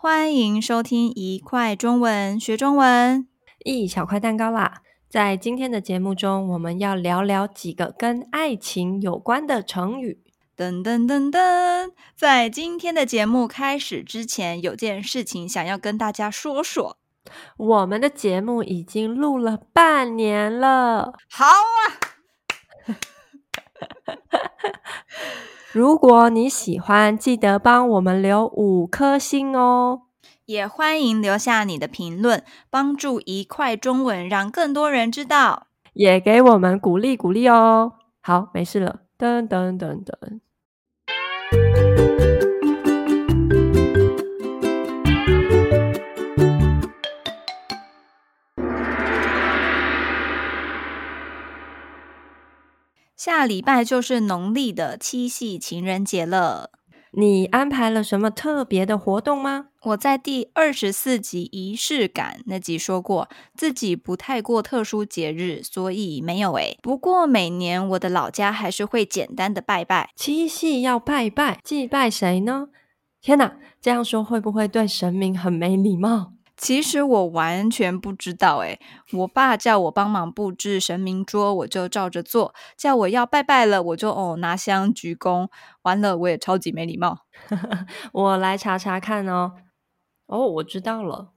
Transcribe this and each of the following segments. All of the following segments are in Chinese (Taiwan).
歡迎收聽一塊中文，學中文，一小塊蛋糕啦！在今天的節目中，我們要聊聊幾個跟愛情有關的成語。噔噔噔噔，在今天的節目開始之前，有件事情想要跟大家說說。我們的節目已經錄了半年了。好啊！ 如果你喜歡，記得幫我們留五顆星哦！也歡迎留下你的評論，幫助一塊中文讓更多人知道，也給我們鼓勵鼓勵哦。好，沒事了，噔噔噔噔。下禮拜就是農曆的七夕情人節了，你安排了什麼特別的活動嗎？我在第二十四集儀式感那集說過，自己不太過特殊節日，所以沒有哎、欸。不過每年我的老家還是會簡單的拜拜。七夕要拜拜，祭拜誰呢？天哪，這樣說會不會對神明很沒禮貌？其實我完全不知道誒，我爸叫我幫忙布置神明桌，我就照着做；叫我要拜拜了，我就哦拿香鞠躬。完了，我也超級沒禮貌。 我來查查看哦。哦，我知道了，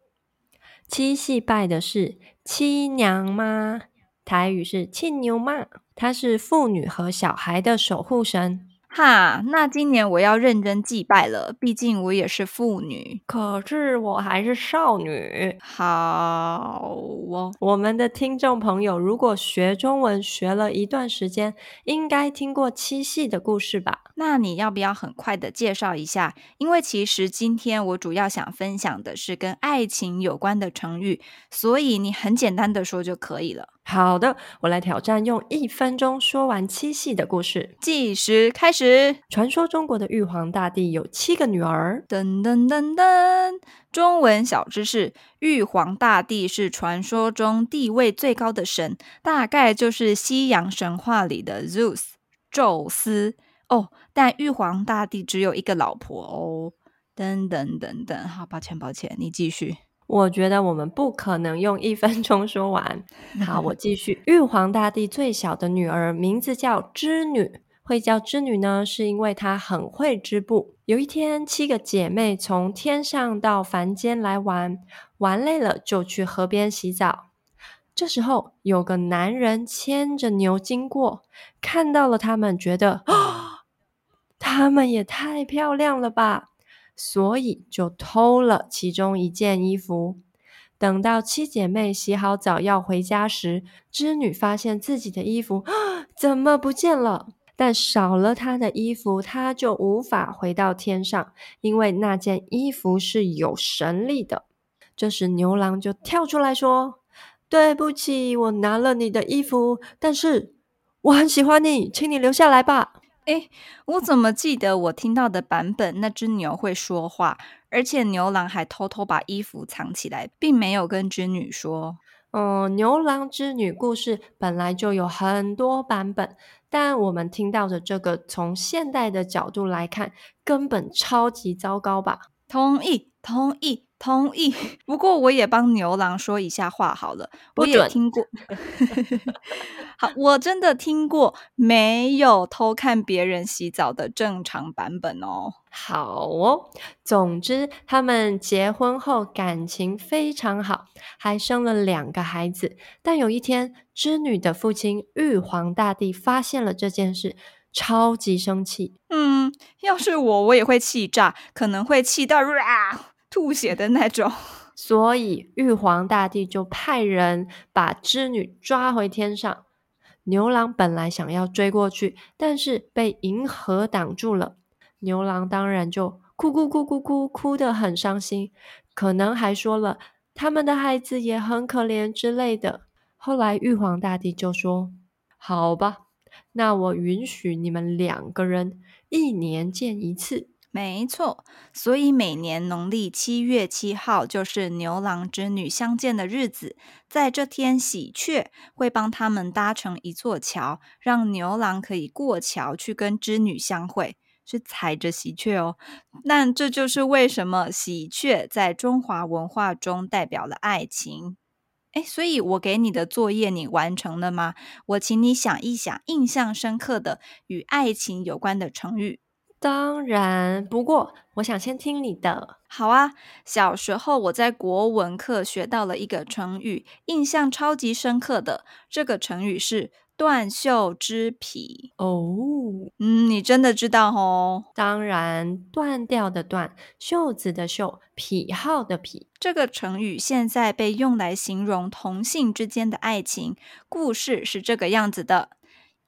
七夕拜的是七娘媽，台語是七牛媽，她是婦女和小孩的守護神。哈，那今年我要認真祭拜了，畢竟我也是婦女。可是我還是少女。好哦，我們的聽眾朋友，如果學中文學了一段時間，應該聽過七夕的故事吧？那你要不要很快的介紹一下？因為其實今天我主要想分享的是跟愛情有關的成語，所以你很簡單的說就可以了。好的，我來挑戰用一分鐘說完七夕的故事。計時開始。傳說中國的玉皇大帝有七個女兒。噔噔噔噔。中文小知識：玉皇大帝是傳說中地位最高的神，大概就是西洋神話裡的 Zeus 宙斯哦。但玉皇大帝只有一個老婆哦。噔噔噔噔。好，抱歉抱歉，你繼續。我覺得我們不可能用一分鐘說完。好，我繼續。 玉皇大帝最小的女兒名字叫織女，會叫織女呢，是因為她很會織布。有一天，七個姐妹從天上到凡間來玩，玩累了就去河邊洗澡。這時候，有個男人牽着牛經過，看到了他們，覺得啊，她們也太漂亮了吧。所以就偷了其中一件衣服。等到七姐妹洗好澡要回家時，織女發現自己的衣服，咦，怎麼不見了？但少了她的衣服，她就無法回到天上，因為那件衣服是有神力的。這時牛郎就跳出來說：“對不起，我拿了你的衣服，但是我很喜歡你，請你留下來吧。”誒，我怎麼記得我聽到的版本，那隻牛會說話，而且牛郎還偷偷把衣服藏起來，並沒有跟織女說。嗯，牛郎織女故事本來就有很多版本，但我們聽到的這個，從現代的角度來看，根本超級糟糕吧？同意，同意。同意，不過我也幫牛郎說一下話好了。我也聽過， 好，我真的聽過沒有偷看別人洗澡的正常版本哦。好哦，總之他們結婚後感情非常好，還生了兩個孩子。但有一天，織女的父親玉皇大帝發現了這件事，超級生氣。嗯，要是我，我也會氣炸，可能會氣到啊。呃吐血的那種，所以玉皇大帝就派人把織女抓回天上。牛郎本來想要追過去，但是被銀河擋住了。牛郎當然就哭哭哭哭哭哭得很傷心，可能還說了他們的孩子也很可憐之類的。後來玉皇大帝就說：“好吧，那我允許你們兩個人一年見一次。”沒錯，所以每年農曆七月七號就是牛郎織女相見的日子。在這天，喜鵲會幫他們搭成一座橋，讓牛郎可以過橋去跟織女相會，是踩着喜鵲哦。那這就是為什麼喜鵲在中華文化中代表了愛情。哎，所以我給你的作業你完成了嗎？我請你想一想，印象深刻的與愛情有關的成語。當然，不過我想先聽你的。好啊，小時候我在國文課學到了一個成語，印象超級深刻的。這個成語是“斷袖之癖”。哦，嗯，你真的知道哦？當然，“斷掉”的“斷”，袖子的“袖”，“癖好”的“癖”。這個成語現在被用來形容同性之間的愛情。故事是這個樣子的。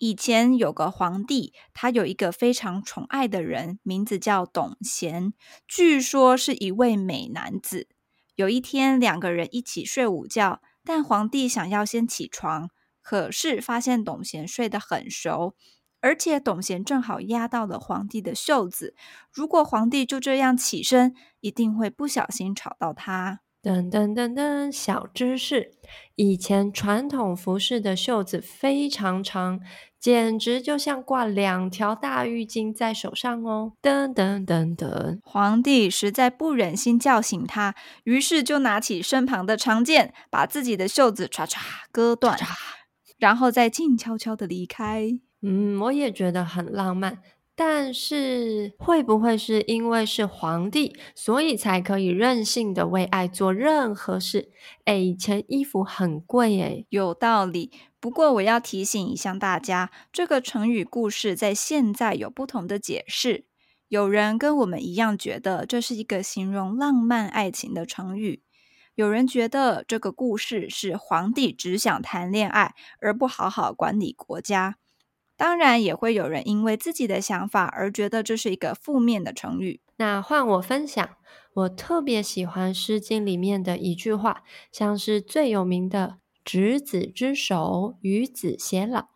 以前有個皇帝，他有一個非常寵愛的人，名字叫董賢，據說是一位美男子。有一天，兩個人一起睡午覺，但皇帝想要先起床，可是發現董賢睡得很熟，而且董賢正好壓到了皇帝的袖子。如果皇帝就這樣起身，一定會不小心吵到他。噔噔噔噔，小知識：以前傳統服飾的袖子非常長，簡直就像掛兩條大浴巾在手上哦。噔噔噔噔，皇帝實在不忍心叫醒他，於是就拿起身旁的長劍，把自己的袖子唰唰割斷叉叉，然後再靜悄悄地離開。嗯，我也覺得很浪漫。但是會不會是因為是皇帝，所以才可以任性的為愛做任何事？哎，以前衣服很貴哎。有道理。不過我要提醒一下大家，這個成語故事在現在有不同的解釋。有人跟我們一樣覺得這是一個形容浪漫愛情的成語，有人覺得這個故事是皇帝只想談戀愛，而不好好管理國家。當然也會有人因為自己的想法而覺得這是一個負面的成語。那換我分享，我特別喜歡《詩經》裡面的一句話，像是最有名的“執子之手，與子偕老”。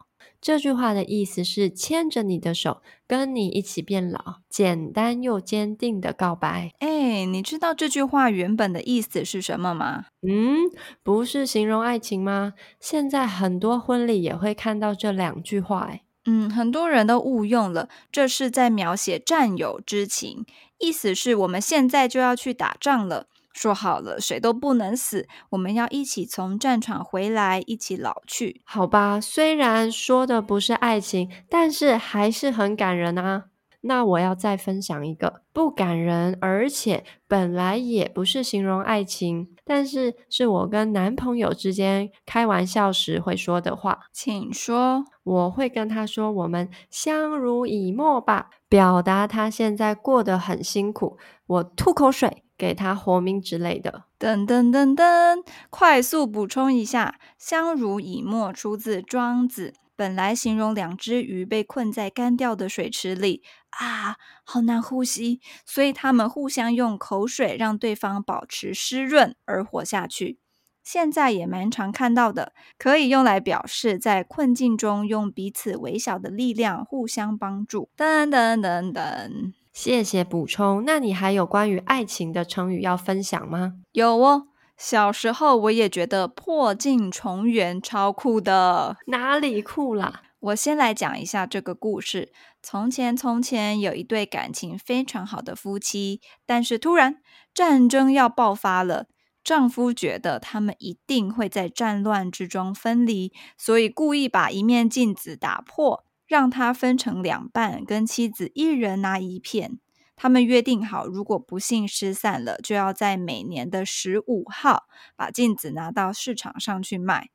這句話的意思是牽着你的手，跟你一起變老，簡單又堅定的告白。哎，你知道這句話原本的意思是什麼嗎？嗯，不是形容愛情嗎？現在很多婚禮也會看到這兩句話誒，哎。嗯，很多人都誤用了，這是在描寫戰友之情，意思是我們現在就要去打仗了，說好了，誰都不能死，我們要一起從戰場回來，一起老去。好吧，雖然說的不是愛情，但是還是很感人啊。那我要再分享一個不感人，而且本來也不是形容愛情，但是是我跟男朋友之間開玩笑時會說的話。請說，我會跟他說：“我們相濡以沫吧。”表達他現在過得很辛苦，我吐口水給他活命之類的。噔噔噔噔，快速補充一下，“相濡以沫”出自《莊子》。本來形容兩隻魚被困在乾掉的水池裡啊，好難呼吸，所以他們互相用口水讓對方保持濕潤而活下去。現在也蠻常看到的，可以用來表示在困境中用彼此微小的力量互相幫助。噔噔噔噔，謝謝補充。那你還有關於愛情的成語要分享嗎？有哦。小時候我也覺得破鏡重圓超酷的。哪裡酷了？我先來講一下這個故事。從前，從前有一對感情非常好的夫妻，但是突然戰爭要爆發了，丈夫覺得他們一定會在戰亂之中分離，所以故意把一面鏡子打破，讓他分成兩半，跟妻子一人拿一片。他們約定好，如果不幸失散了，就要在每年的十五號把鏡子拿到市場上去賣。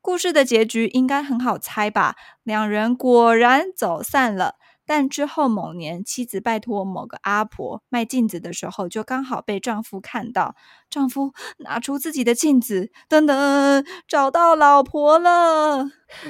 故事的結局應該很好猜吧？兩人果然走散了。但之後某年，妻子拜托某個阿婆賣鏡子的時候，就剛好被丈夫看到。丈夫拿出自己的鏡子，噔噔，找到老婆了。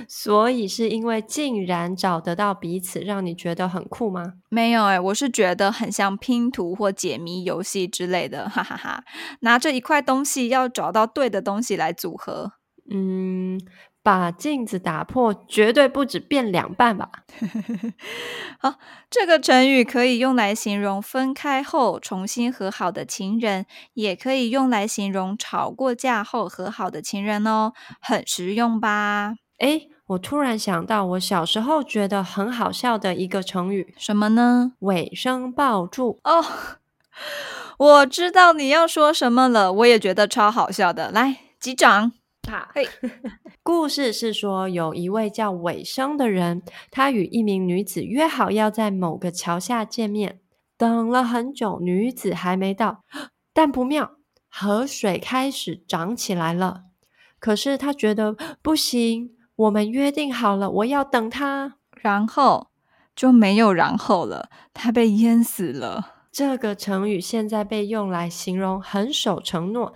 所以是因為竟然找得到彼此，讓你覺得很酷嗎？沒有、欸，哎，我是覺得很像拼圖或解謎遊戲之類的，哈哈哈,哈。拿着一塊東西，要找到對的東西來組合。嗯。把鏡子打破，絕對不止變兩半吧。 好，這個成語可以用來形容分開後重新和好的情人，也可以用來形容吵過架後和好的情人哦，很實用吧？哎，我突然想到，我小時候覺得很好笑的一個成語，什麼呢？尾生抱柱哦，我知道你要說什麼了，我也覺得超好笑的，來，擊掌。嘿， 故事是說有一位叫尾生的人，他與一名女子約好要在某個橋下見面。等了很久，女子還沒到，但不妙，河水開始漲起來了。可是他覺得不行，我們約定好了，我要等她。然後就沒有然後了，他被淹死了。這個成語現在被用來形容很守承諾。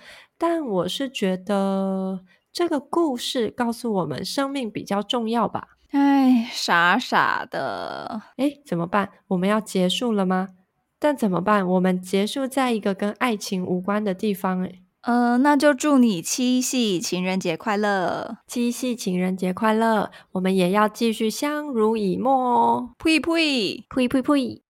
但我是覺得這個故事告訴我們生命比較重要吧。哎，傻傻的。哎，怎麼辦？我們要結束了嗎？但怎麼辦？我們結束在一個跟愛情無關的地方？哎，呃，那就祝你七夕情人節快樂，七夕情人節快樂，我們也要繼續相濡以沫哦。呸呸呸呸呸！噗一噗一噗一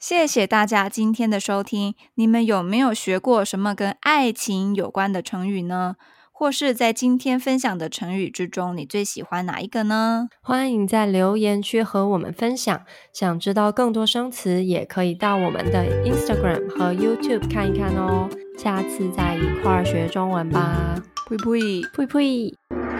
謝謝大家今天的收聽。你們有沒有學過什麼跟愛情有關的成語呢？或是在今天分享的成語之中，你最喜歡哪一個呢？歡迎在留言區和我們分享。想知道更多生詞，也可以到我們的 Instagram 和 YouTube 看一看哦。下次再一塊兒學中文吧！呸呸呸呸！